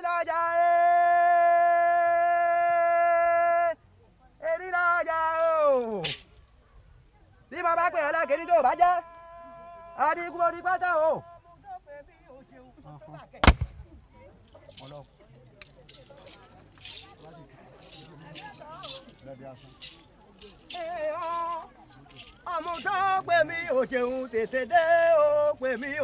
la eh! oh! pè mí ò tètè dé ó pè mí ò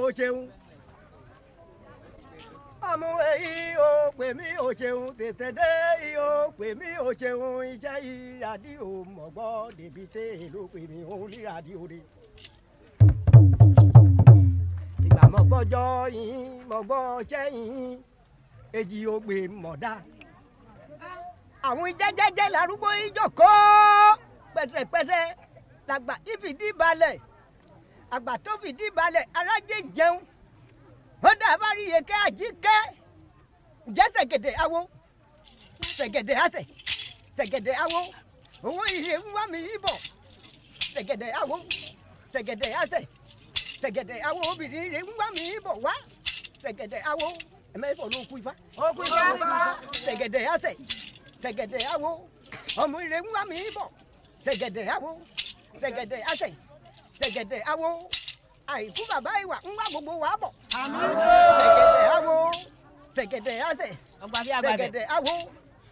àmú èyí o pè mí ò ṣeun tètè dé yìí o pè mí o ṣeun iṣẹ́ ìrádì ò mọ̀gbọ́ débi tẹ́ èlò pè mí òun o òde. ìgbà mọ̀gbọ́jọ́ yìí mọ̀gbọ́ ṣẹ́yìn èjì ògbè mọ̀dá. àwọn ìjẹ́jẹ́jẹ́ lárúgbó ìjòkó pẹ̀tẹ̀pẹ̀tẹ̀ làgbà ìfìdí balẹ̀ àgbà tó fìdí balẹ̀ arájé jẹun ó dá a bá rí iye kẹ́ àjíkẹ́ ǹjẹ́ ṣẹ̀gẹ̀dẹ̀ awo ṣẹ̀gẹ̀dẹ̀ àṣẹ ṣẹ̀gẹ̀dẹ̀ awo owó ìyè ń wá mi yíbọ ṣẹ̀gẹ̀dẹ̀ awo ṣẹ̀gẹ̀dẹ̀ àṣẹ ṣẹ̀gẹ̀dẹ̀ awo obìnrin ìyè ń wá mi yíbọ wá ṣẹ̀gẹ̀dẹ̀ awo ẹmẹ ìfọ ló kú ifá ó kú ifá ṣẹ̀gẹ̀dẹ̀ àṣẹ ṣẹ̀gẹ̀dẹ̀ awo ọmọ ìyè ń wá mi yíbọ ṣẹ̀gẹ̀dẹ̀ awo ṣẹ̀gẹ̀dẹ̀ àṣẹ ṣẹ̀gẹ̀dẹ̀ awo àìkú bàbá ìwà ń wá gbogbo wa bọ̀. fẹ̀gẹ̀dẹ̀ awo fẹ̀gẹ̀dẹ̀ asẹ̀ fẹ̀gẹ̀dẹ̀ awo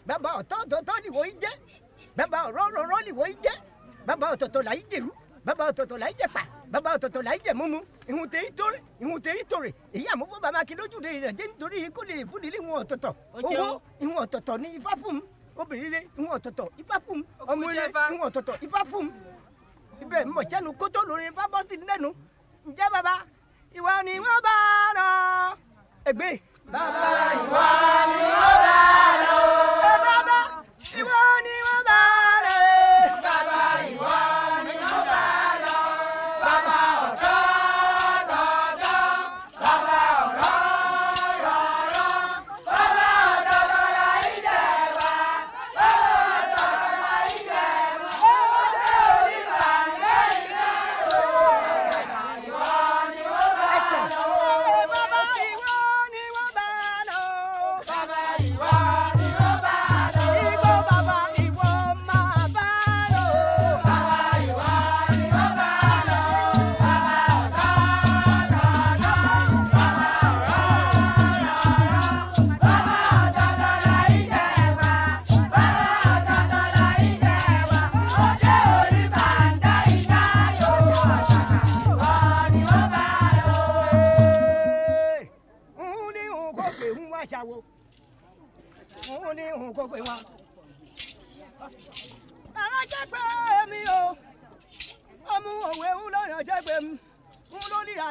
bàbá ọ̀tọ̀ọ̀tọ̀ nìwọ yìí jẹ́ bàbá ọ̀rọ̀ọ̀rọ̀ nìwọ yìí jẹ́ bàbá ọ̀tọ̀ọ̀tọ̀ là yìí jẹ̀rú bàbá ọ̀tọ̀ọ̀tọ̀ là yìí jẹ̀pà bàbá ọ̀tọ̀ọ̀tọ̀ là yìí jẹ̀ múmu ìhun tèrí tórè ìhun tèrí tórè èyí àmúgbó bàbá kí lójúde rẹ̀ jẹ́ nítorí kó lè búdi ní ìhun ọ̀tọ̀ọ̀tọ̀ owó ìhun ọ̀tọ̀ọ̀tọ̀ ní ifá fún obìnrin rẹ̀ ìhun ọ̀tọ̀ọ̀tọ̀ ifá fún ọmọ ilé ìhun ọ̀tọ̀ọ̀tọ̀ ifá fún ibẹ̀ mọ̀ṣẹ́nu kótó lórí bábọ́sì lẹ́nu ǹjẹ́ bàbá ìwọ ni wọ́n bá rọ. ẹgbẹ́. bàbá ìwọ ni wọ́n bá rọ.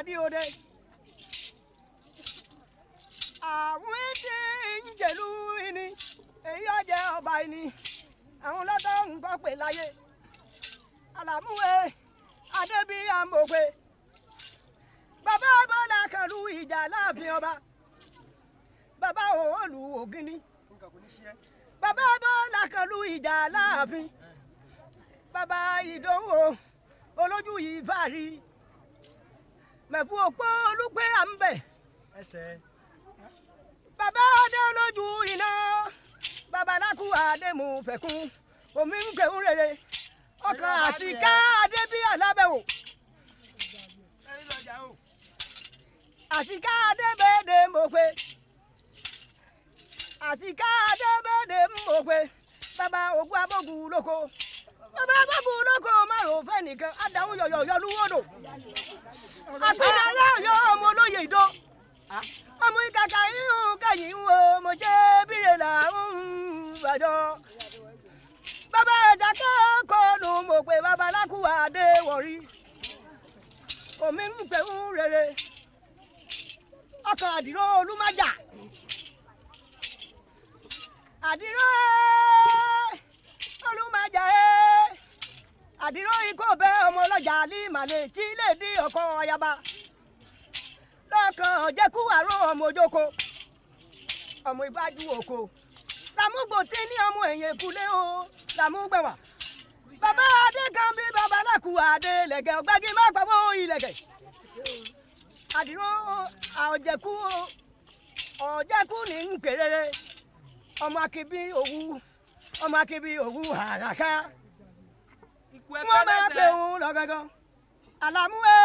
àbí òde. àwọn tí ń jẹ̀lú ni èyí ọ̀jẹ̀ ọba ni àwọn lọ́tọ̀ nǹkan pè láyé àlàmúwe adébí amògbé bàbá bọ́lá kanlu ìjà láàfin ọba bàbá òòlù ògínní bàbá bọ́lá kanlu ìjà láàfin bàbá ìdánwò olójú yìí bá mẹ̀kú òpó olúgbé à ń bẹ̀. bàbá adé olójú iná babaláku àdèmú fẹ̀kún omi ń gbẹ̀hún rere ọkàn àti ká adé bí alábẹ̀wò. àsìká adébẹ̀dẹ̀ ń bò pé àsìká adébẹ̀dẹ̀ ń bò pé bàbá ògùn abógun lóko bàbá bàbá olóko márùn fẹ́ nìkan adáhùn yọ̀yọ̀yọ̀ lúwọ́dọ̀ àpínlẹ̀ ọ̀yọ́ ọmọ olóyè ìdó ọmọ ìkàkà yíhun kẹyìn wo mo jẹ́ bírè là ń bàjọ́ bàbá ẹ̀dá kẹ́kọ̀ọ́ nù mo pé bàbá lákùwà dé wọ̀rí omi ń pè ń rere ọkọ̀ àdìrò olúmájà àdìrò olúmájà ẹ́ẹ́. Eh. àdìrò ikú bẹ́ ọmọ ọlọ́jà límàlè tí lè di ọkọ ayaba lọ́kàn jẹ́kú àrò ọmọ ojoko ọmọ ìbájú oko làmúgbòtí ní ọmọ èyàn ìkúlé o làmúgbẹ̀wà bàbá adé bàbá alákù má àdìrò ọ̀jẹ̀kú ní nkèrèrè ọmọ òwú ọmọ òwú àràká. wọ́n máa pè ń lọ gangan àlàmú ẹ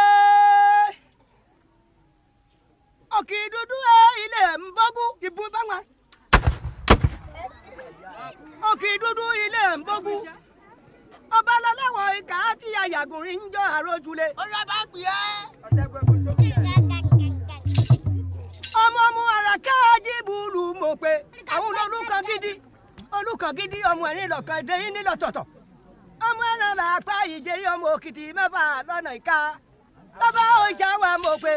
e. òkè dúdú ẹ e, ilé ń bọ́gú ìbú báwa òkè dúdú ilé ń bọ́gú ọba lọ́lọ́wọ́ ìka àti àyàgùnrin ń jọ àròjúlé. ó bá pè é. ọmọ ọmọ àràkẹ́ ajíbùlù mọ̀ pé àwọn olórúkọ gidi olùkọ gidi ọmọ ẹ̀rín lọ́kàn ẹ̀dẹ́yìn nílọ̀ tọ̀tọ̀ lọ́nà làpá ìjẹ́rí ọmọ òkìtì mẹ́fà lọ́nà ìka bàbá òòṣà wà mọ̀ pé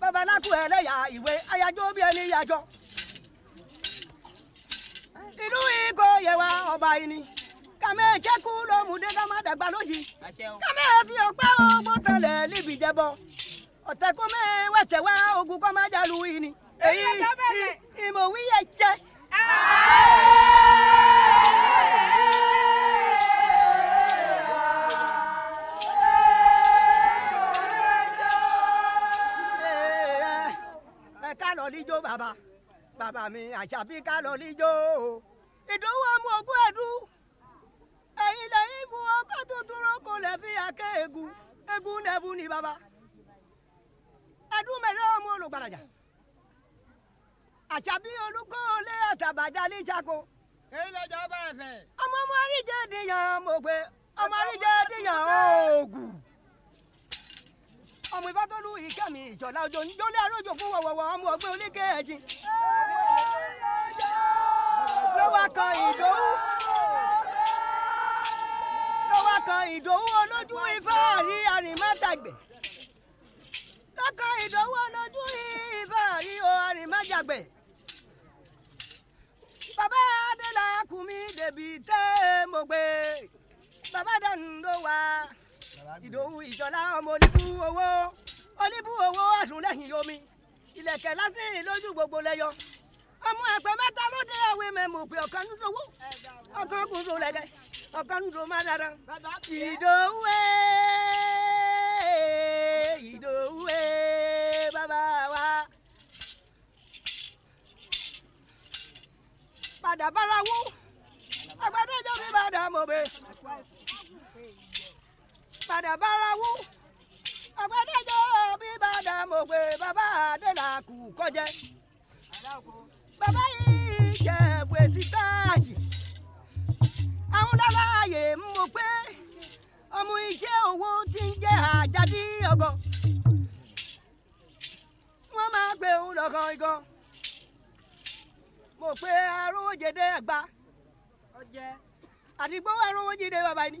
bàbá lákù ẹlẹ́yà ìwé ayájọ́ bí ẹni yájọ́ ìlú ìkó yẹwà ọba yìí ni kàmẹ́ jẹ́kú ló mú dé kàmẹ́ fi ọ̀pẹ́ ogbó tẹ̀lẹ̀ níbi ìjẹ́bọ ọ̀tẹ̀ kó mẹ́ wẹ̀tẹ̀wá ogun kọ́ yìí ni èyí ìmọ̀wíyẹ jẹ́. lọ lijó bàbá bàbá mi àṣàbí ká lọ lijó o. ìdánwò ọmọ ogún ẹ̀dùn ẹ̀yìn lẹ́yìn fún ọkọ̀ tuntun rọ́kò lẹ́fí akẹ́ egun egun nẹ́bù ni bàbá. ẹ̀dùn mẹ́rin ọmọ olùgbàlàjà àṣàbí olùkọ́ olé àtàbàjá ní ìṣàkó. èyí lọ́jọ́ ọba ẹ̀fẹ̀. ọmọ ọmọ àríjẹ́ ìdíyàn mo pé ọmọ àríjẹ́ ìdíyàn oògùn ọmọ ìbátọ́lù ìkẹ́mi ìjọ̀lá ọjọ́ níjọ́lé arójò fún wọ̀wọ̀wọ̀ ọmọ ọgbẹ́ oníkẹ́ ẹ̀jìn. ló wá kan ìdòwú ló wá kan ìdòwú olójú ifá àrí àrìmátàgbẹ̀ lọ́kàn ìdòwú olójú ifá àrí àrìmátàgbẹ̀ bàbá adélakùnmí dèbí tẹ́ mo gbé bàbá dànù ló wà ìdòwú ìjọlá ọmọ oníbú owó oníbú owó àdúnlẹ̀yìn yomi ìlẹ̀kẹ̀ lásìrìn lójú gbogbo lẹ́yọ ọmọ ẹgbẹ́ mẹ́ta ló dé ẹ̀wé mẹ́mọ̀ pé ọ̀kan ń dowó ọ̀kan kò so lẹ́gẹ̀ ọ̀kan ń do má dára ìdòwú ìdòwú bàbá wa. padà bára wú agbádẹ́jọ́ mi bá dà mọ́ bẹ́ẹ̀ padà bára wú àgbàdéjọ́ bí bàdà mo pé bàbá adélàkù kọjẹ bàbá yìí jẹ pèsè táàsì àwọn lálàyé ń mọ̀ pé ọmọ iṣẹ́ owó ti ń jẹ́ àjàdí ọgọ́ wọ́n máa gbé òun lọ́kàn igọ́ mo pé arójẹdẹ àgbà àdìgbò arójẹdẹ bàbá yìí.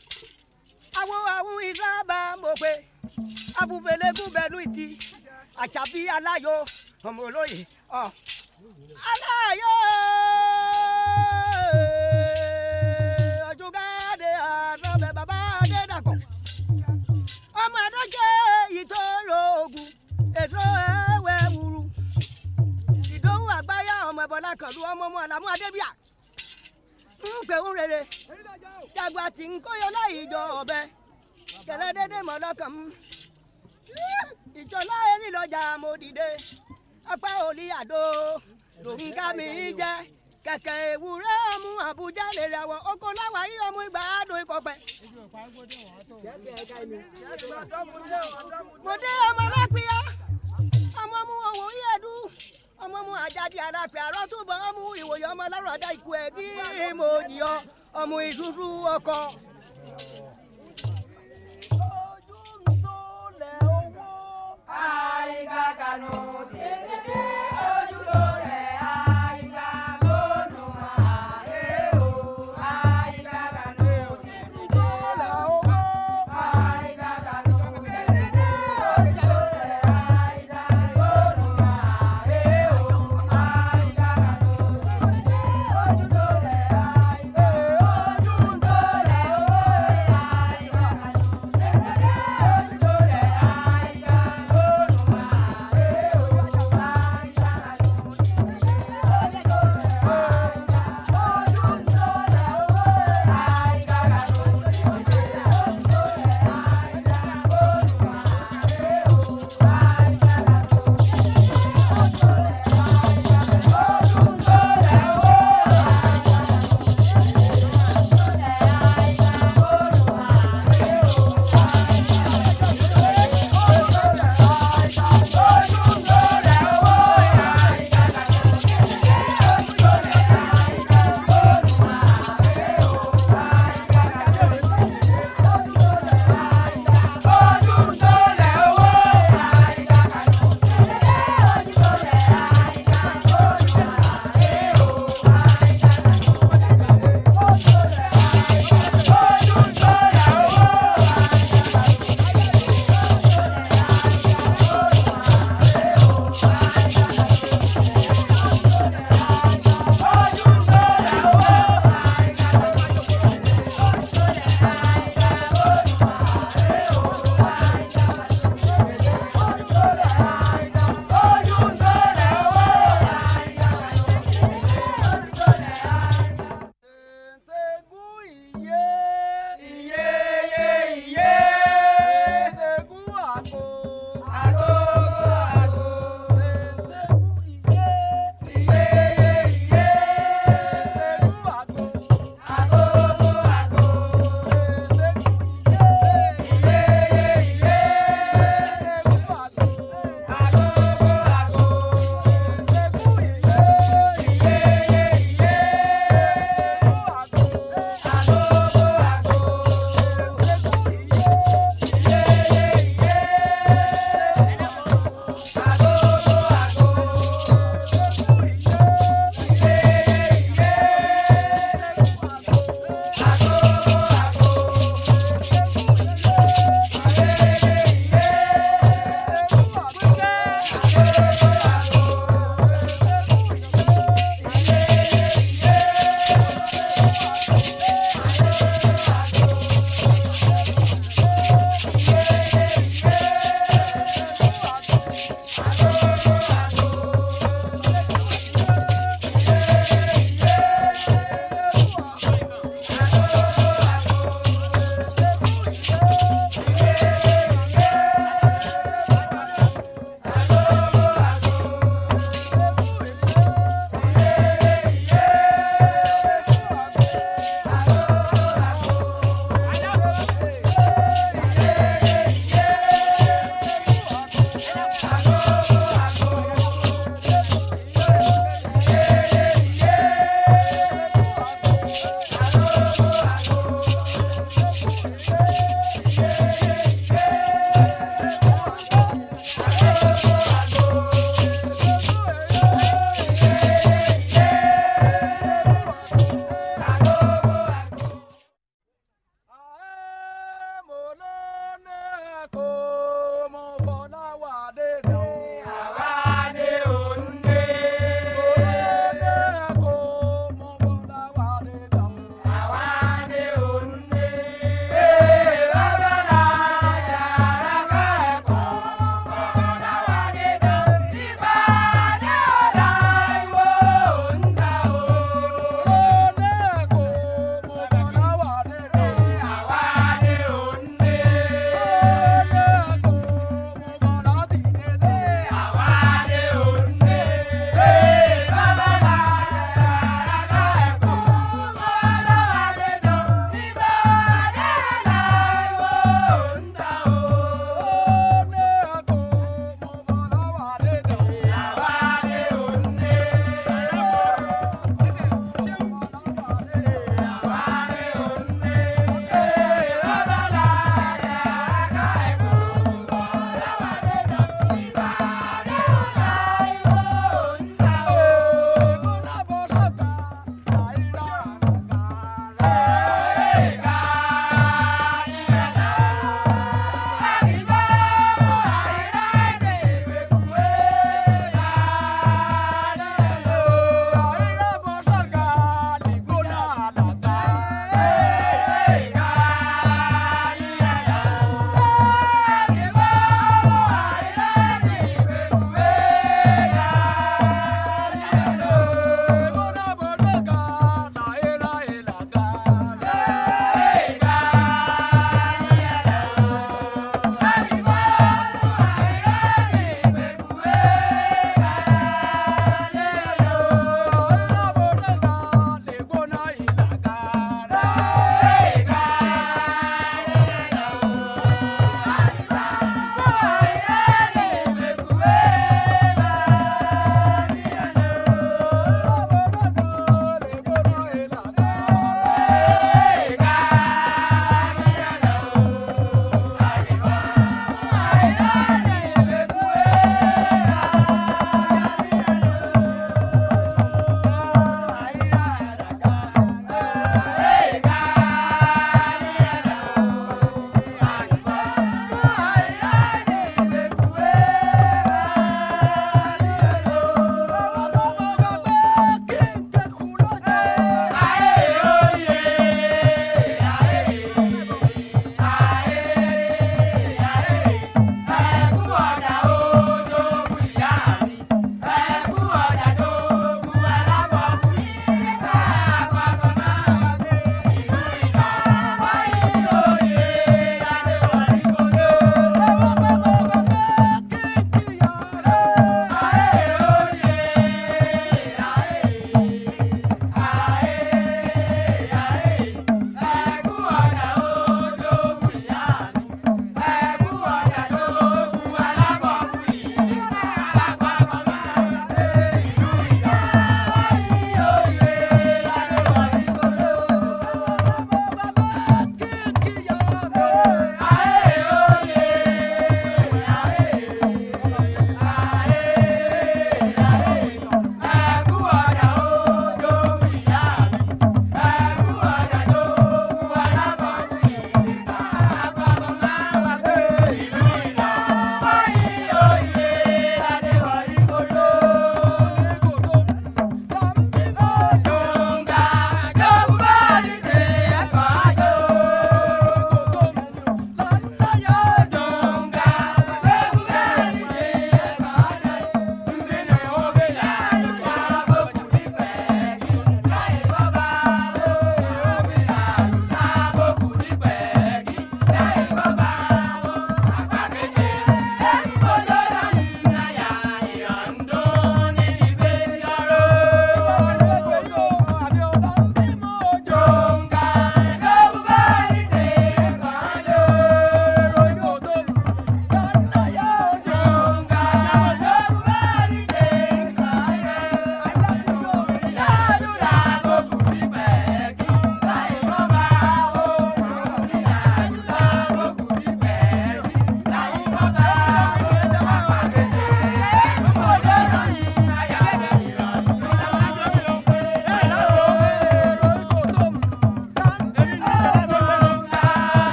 awo awo ìlàbà mọ̀gbẹ́ abubelegun bẹnu ìtì àṣàbí aláyọ̀ ọmọ olóyè ọ aláyọ̀ ọ̀jọ̀gáde àrọ̀bẹ̀ bàbá adédàkọ̀ ọmọ àdọ́jẹ́ ìtòrò ogun ètò ẹ̀wẹ̀ wuru ìdòwú àgbáyà ọmọ ẹ̀bọ̀lá kàlú ọmọ ọmọ àlàmú adébíà ń pẹ̀hún rere dàgbà tí ń kóyọ láì jọ ọ̀bẹ kẹlẹ́ dédé mọ́ lọ́kàn mú ìjọlá erí lọ́jà mo dìde apá òní àdó lòun ká mi jẹ kẹ̀kẹ́ ewúrẹ́ mú àbújá lè rẹwọ oko láwa yí ọmú ìgbà àádùn ìkọpẹ. mo dé ọmọ lápìá ọmọ mú owó yẹ̀dú ọmọ mu àjáde arápẹ̀ àrọ́ túbọ̀ ọmú ìwòye ọmọ lárọ̀dá ikú ẹ̀ bí mo dì ọ ọmọ ìdúdú ọkọ. ojú ń tó lẹ̀ owó àìkàkànú tètè.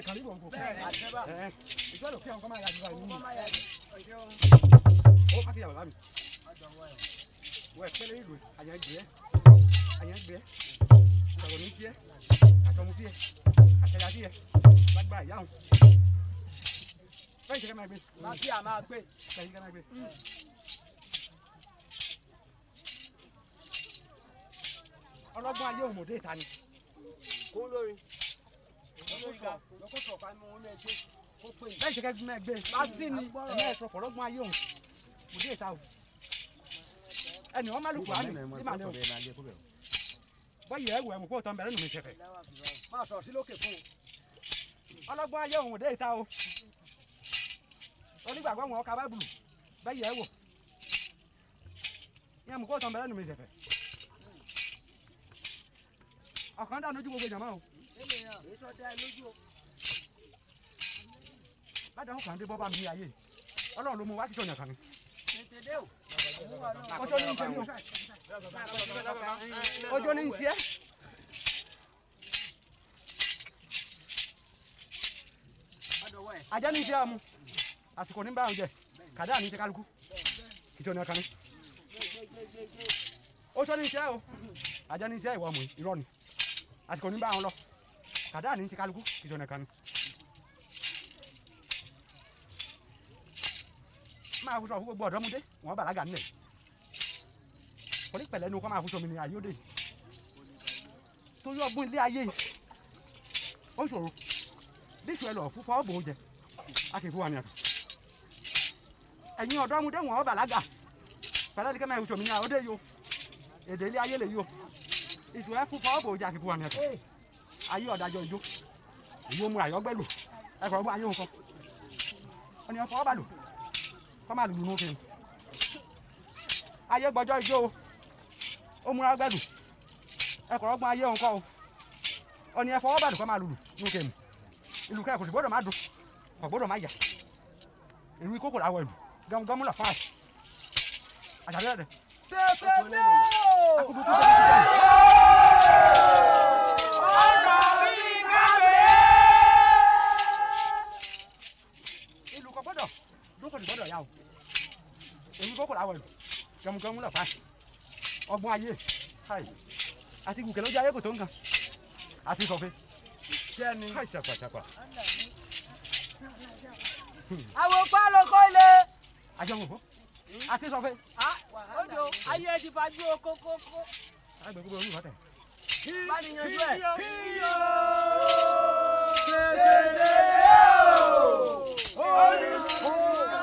Ẹ karibu huko. Eh. Ijalo pia Oh, kati ya walabi. Wewe pele hilo anyajie. Anyajie. Kagonisiye. Akamutie. Akalatie. Bagba yao. Báyìí ṣe máa gbé. Máa fi àmà gbé. Báyìí ṣe máa gbé. Ọlọ́gbọ́n ayé òmòdé ìta ni. Kó lórí bẹ́ẹ̀ ṣe kẹ́gbẹ́ gbé lásì ni ẹ̀mí ẹ̀sọ́ fọ̀rọ̀gbọ́n ayé òun kò dé ìta o ẹnì wọn má lùkù àmì ní màlẹ́ o bọ́yì ẹ̀ wẹ̀ mú kó tán bẹ̀rẹ̀ nù mí ṣẹ̀fẹ̀. máa sọ̀rọ̀ sí lókè fún o ọlọ́gbọ́n ayé òun ò dé ìta o onígbàgbọ́ wọn ọkà bábùlù bẹ́yì ẹ̀ ìyẹn mú kó tán bẹ̀rẹ̀ nù mí ṣẹ̀fẹ̀ dànù ju gbogbo ìjàmbá o ládàáhùn kàn dé bọ́ bá mi ayé ọlọ́run ló mú wá títọ̀ yàn kàn mí. ọjọ́ ní ìṣe mi o ọjọ́ ní ìṣe. ajá ní ìṣe àmú àsìkò ní báwọn jẹ kàdá ní ti kálukú títọ̀ yàn kàn mí. ọjọ́ ní ìṣe o ajá ní ìṣe ìwà ọmọ irọ́ ni àsìkò ní báwọn lọ tàdá ní ti kálukú ìjọ̀nà kan ni. máa fúnṣọ fún gbogbo ọ̀dọ́múdé wọ́n bàlágà nílẹ̀ onípẹ̀lẹ́ ni kọ́ máa fúnṣọ mi ní ayóde torí ọgbọ́n ilé ayé ó ṣòro bí ìṣòro ẹlọ fún fọwọ́ bò ó jẹ a ni kẹ́ máa fúnṣọ mi ní ayóde yìí o èdè ilé ayé lè yìí deh. ìṣòro ẹ fún fọwọ́ bò ó jẹ a kì í fún wa ayé ọ̀dájọ́ ìjó èyí omi àyọ́gbẹ́lò ẹ̀kọ́ ọgbọ́n ayé nǹkan ọ̀nì ọ̀fọ̀ ọ̀bà lò kọ́ máa lùlù lókè ayé gbọ́jọ́ ìjó o ó múra gbẹ́lò ẹ̀kọ́ ọgbọ́n ayé nǹkan o ọ̀nì ẹ̀fọ̀ ọ̀bà lò kọ́ máa lùlù lókè mu ìlú kẹ́ẹ̀kọ́ sì gbọ́dọ̀ má dùn kò gbọ́dọ̀ má yà ìlú ikókò làwọ̀ ìlú gọ́mú là fáàsì àjàdẹ́rẹ́ tẹ́tẹ́ kò ní gbọ́dọ̀ yá o èyí kókò láwọ̀ lò gẹmugẹmu lọ́fà ọgbọ́n ayé àti gùnkẹ́ lọ́jọ́ ayé kò tó nǹkan àti ìfọ̀fẹ́ sẹ́ni ṣàpàṣàpà. àwọn pa ló kọ́ ilé. àjọmọ̀ fún àti ìfọ̀fẹ́. ojo ayé ẹ ti fajú o kókókó. àgbẹ̀ kúkúrú olú ìfọ̀tẹ̀. bá a nìyànjú ẹ̀. kíyó tètè yóò olùkú.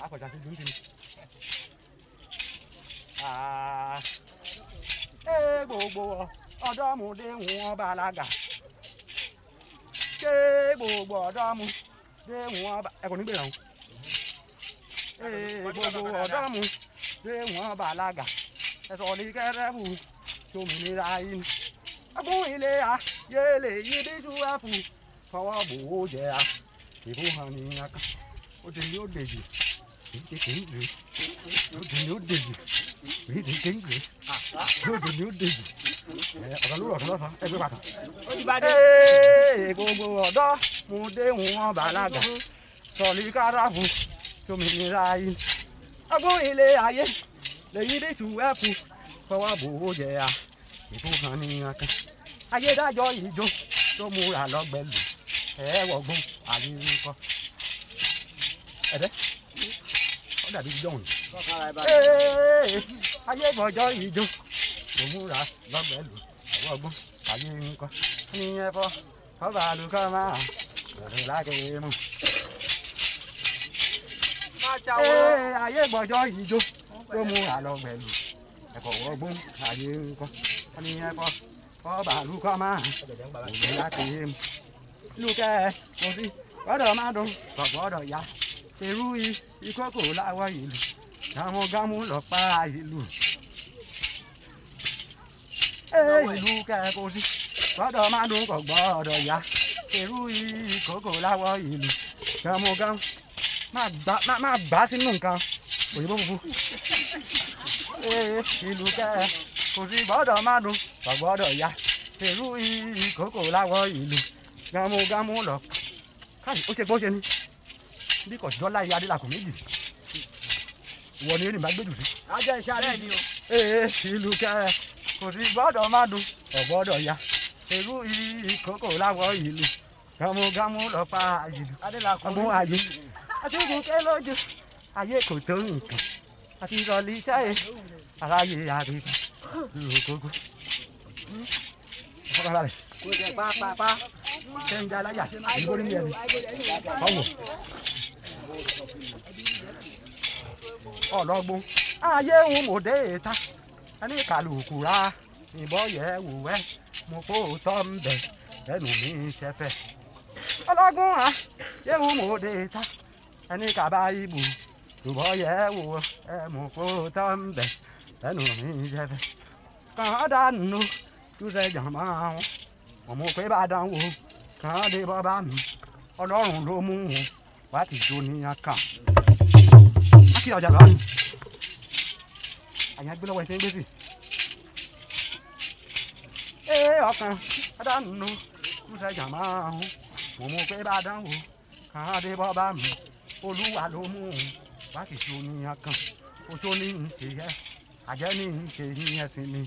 akọjá tó dúró sí mi. ee gbogbo ọ̀dọ́mọdé wọn balaga ké gbogbo ọ̀dọ́mọdé wọn um, ba ẹ kò ní gbèrà o. ee gbogbo ọ̀dọ́mọdé wọn balaga ẹ̀sọ́ ní kẹ́rẹ́fù tòmìnira yìí. ẹkún ilé a yéèlè yìí bí túwẹ́fù fọwọ́ bò ó jẹ́ a ìfúnhàn ní aká ó ti ní ó dèjì gbogbo ọ̀dọ́ mo dé wọn bàlágà sọ̀lì káràfù tómìnira yìí ilé ayé lèyìn dé tù fọwọ́ bòwò jẹ́ a ètò ní ọkàn ayédájọ́ ìjó tó múra lọ́gbẹ̀lú ẹ̀ẹ́wọ̀gbọ́n àríwí kọ́ ẹ̀dẹ́ ó dàbí jọ̀hún. ayé bọ̀jọ́ ìjọ kò múra lọ́gbẹ̀ẹ́ lò ọwọ́ ọgbọ́n ayé ń ní ẹ̀fọ́ ọba àlùkò máa bẹ̀rẹ̀ lágẹ̀ẹ́ mú. ayé bọ̀jọ́ ìjọ kò múra lọ́gbẹ̀ẹ́ lò ẹ̀fọ́ ọgbọ́n ayé ń ní ẹ̀fọ́ ọba àlùkò máa bẹ̀rẹ̀ lágẹ̀ẹ́ mú. lùkẹ́ kò sí gbọ́dọ̀ má dùn kò gbọ́dọ̀ yá irú ikọ́kọ̀ láwọ̀ ìlú àwọn gámú lọ pa ìlú. ìlú kẹ́kọ̀ọ́ sí má dùn kọ̀ gbọ́dọ̀ yá irú ikọ́kọ̀ láwọ̀ ìlú gámú gámú má gbá sínú nǹkan òyìnbó funfun. ìlú kẹ́kọ̀ọ́ sí má dùn kọ̀ gbọ́dọ̀ yá irú ikọ́kọ̀ láwọ̀ ìlú gámú gámú lọ káyì ó ṣe gbọ́ ṣe ni bí kò sí dọ́là yìí adélakùn méjì ìwọ ni erin bá gbé jù sí. ajá iṣẹ́ alẹ́ ni o. ee ìlú kẹrẹ kò sí gbọ́dọ̀ má dùn ọ̀gbọ́dọ̀ ya èrú ìkókò láwọ̀ ìlú gámúgámú lọ pa àyèlú. adélakùn ọmọ àyè àtúntò ké lójú ayé kò tó nǹkan àti ìrọ̀lì iṣẹ́ yẹn aráyé àríkà lóògógó. ọ̀pọ̀ bàbá rẹ̀ kò jẹ́ pàápàá ṣe ń jalaya ìgbóni yẹn ni ọ̀wọ̀ ọlọ́gbọ́n ayé ń mò dé ta ẹni kàlùkù ra ìbọn yẹ wò wẹ mo kó tọ́ ń bẹ ẹnu mi ń ṣẹfẹ ọlọ́gbọ́n ayé ń mò dé ta ẹni kàbá ibù ìbọn yẹ wò ẹ mo kó tọ́ ń bẹ ẹnu mi ń ṣẹfẹ kàn án dànù túṣe jàmbá wọn ọmọ pé bá dánwò kàn án dé bọ́ bá mi ọlọ́run ló mú wọn wati joni yaka akira ọjà lọ́wọ́ ni àyàn gbé lọ́wọ́ ẹ̀ tẹ́ ń gbé sí ee ọkàn adánù ṣe jàmá ahùn mo mú pé bá dánwò káàdé bọ́bá mi olúwa ló mú un wati joni yaka oṣó ní ń ṣe yẹ àjẹ́ ní ń ṣe ní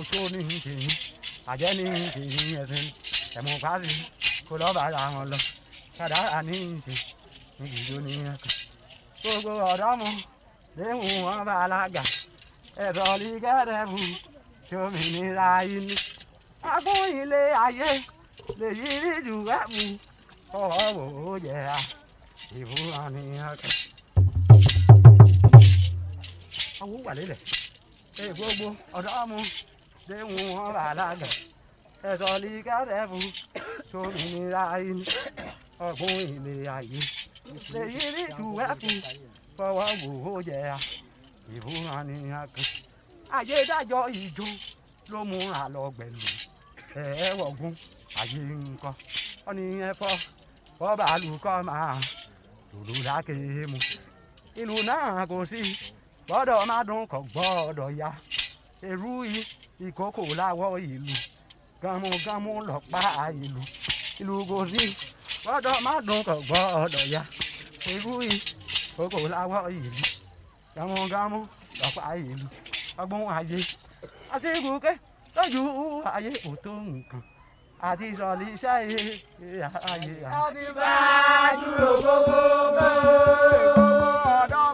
oṣó ní ń àjẹ́ ní ń ẹ̀sìn ẹ̀mú pàṣẹ kó ara wọn lọ kàdára ní ń ṣe ní ẹ̀kan. gbogbo ọ̀dọ́ mu léwu wọn bá alága ẹ̀dọ̀lì gẹ́rẹ́bù ṣòmìnira inú. agún ilé ayé lèyí rí jù ẹ̀bù ọ̀rọ̀ wò ó yẹ a ìbúra ní ẹ̀kan. àwọn wà lélẹ̀ gbogbo ọ̀dọ́ mu ṣé ìjó ló múra lọ gbẹ̀lú ẹ̀ wọ̀gùn àyè nǹkan ọ̀nì ẹ̀fọ́ bọ́bà lùkọ́ máa lòlù lákè mu ìlú náà kò sí gbọ́dọ̀ má dún kọ́ gbọ́dọ̀ ya èrú yìí ìkókò láwọ̀ ìlú gámúgámú lọ́pàá ìlú ìlú gòsì gbọ́dọ̀ má dùn kọ̀ gbọ́dọ̀ ya ìlú ìkókò láwọ̀ ìlú gámúgámú lọ́pàá ìlú ọgbọ́n ayé àti ìgùnkẹ́ lójú ayé òtó nǹkan àti ìsọ̀lì iṣẹ́ ayé ayé. àti bá dúró gbogbo gbogbo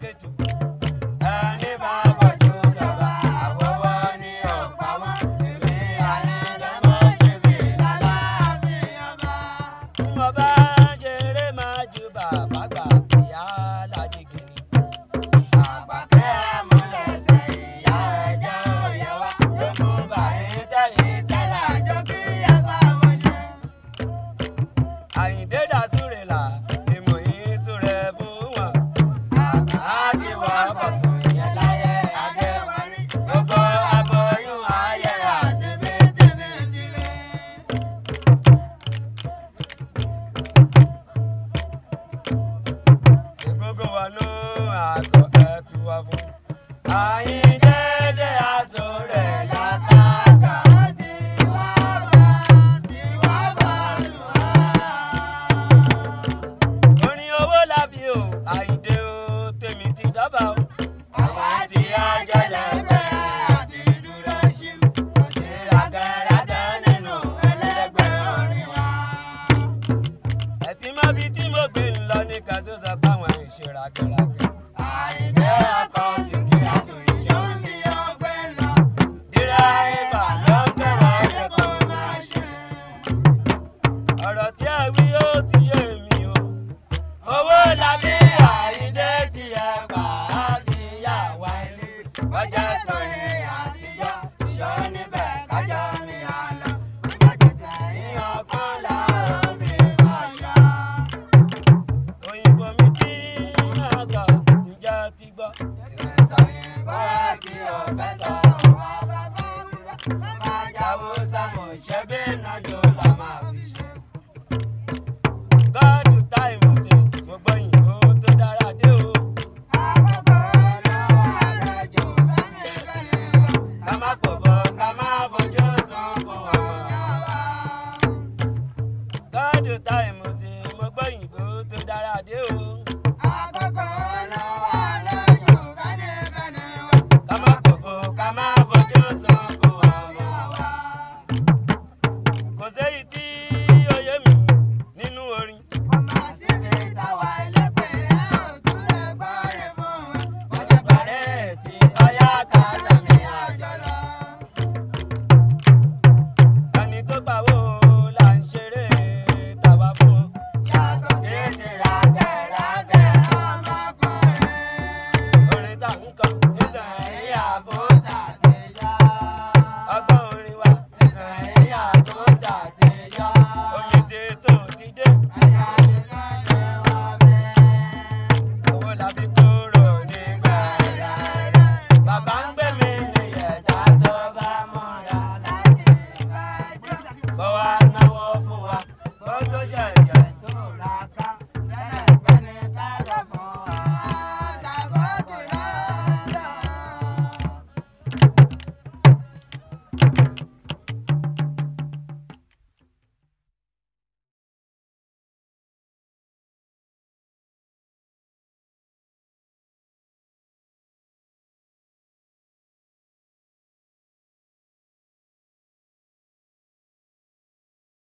Kaketu.